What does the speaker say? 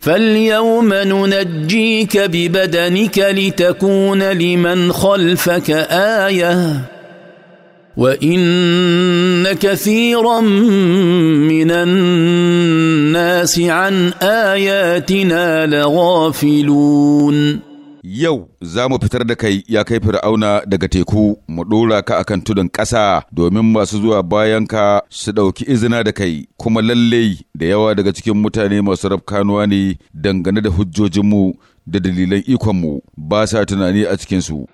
فاليوم ننجيك ببدنك لتكون لمن خلفك ايه وان كثيرا من الناس عن اياتنا لغافلون Yau za mu fitar da kai ya kai fir'auna daga teku mu ɗora ka akan tudun ƙasa domin masu zuwa bayan ka su ɗauki izina da kai kuma lalle da yawa daga cikin mutane masu rafkanuwa ne dangane da hujjojinmu da dalilan ikonmu ba sa tunani a cikinsu.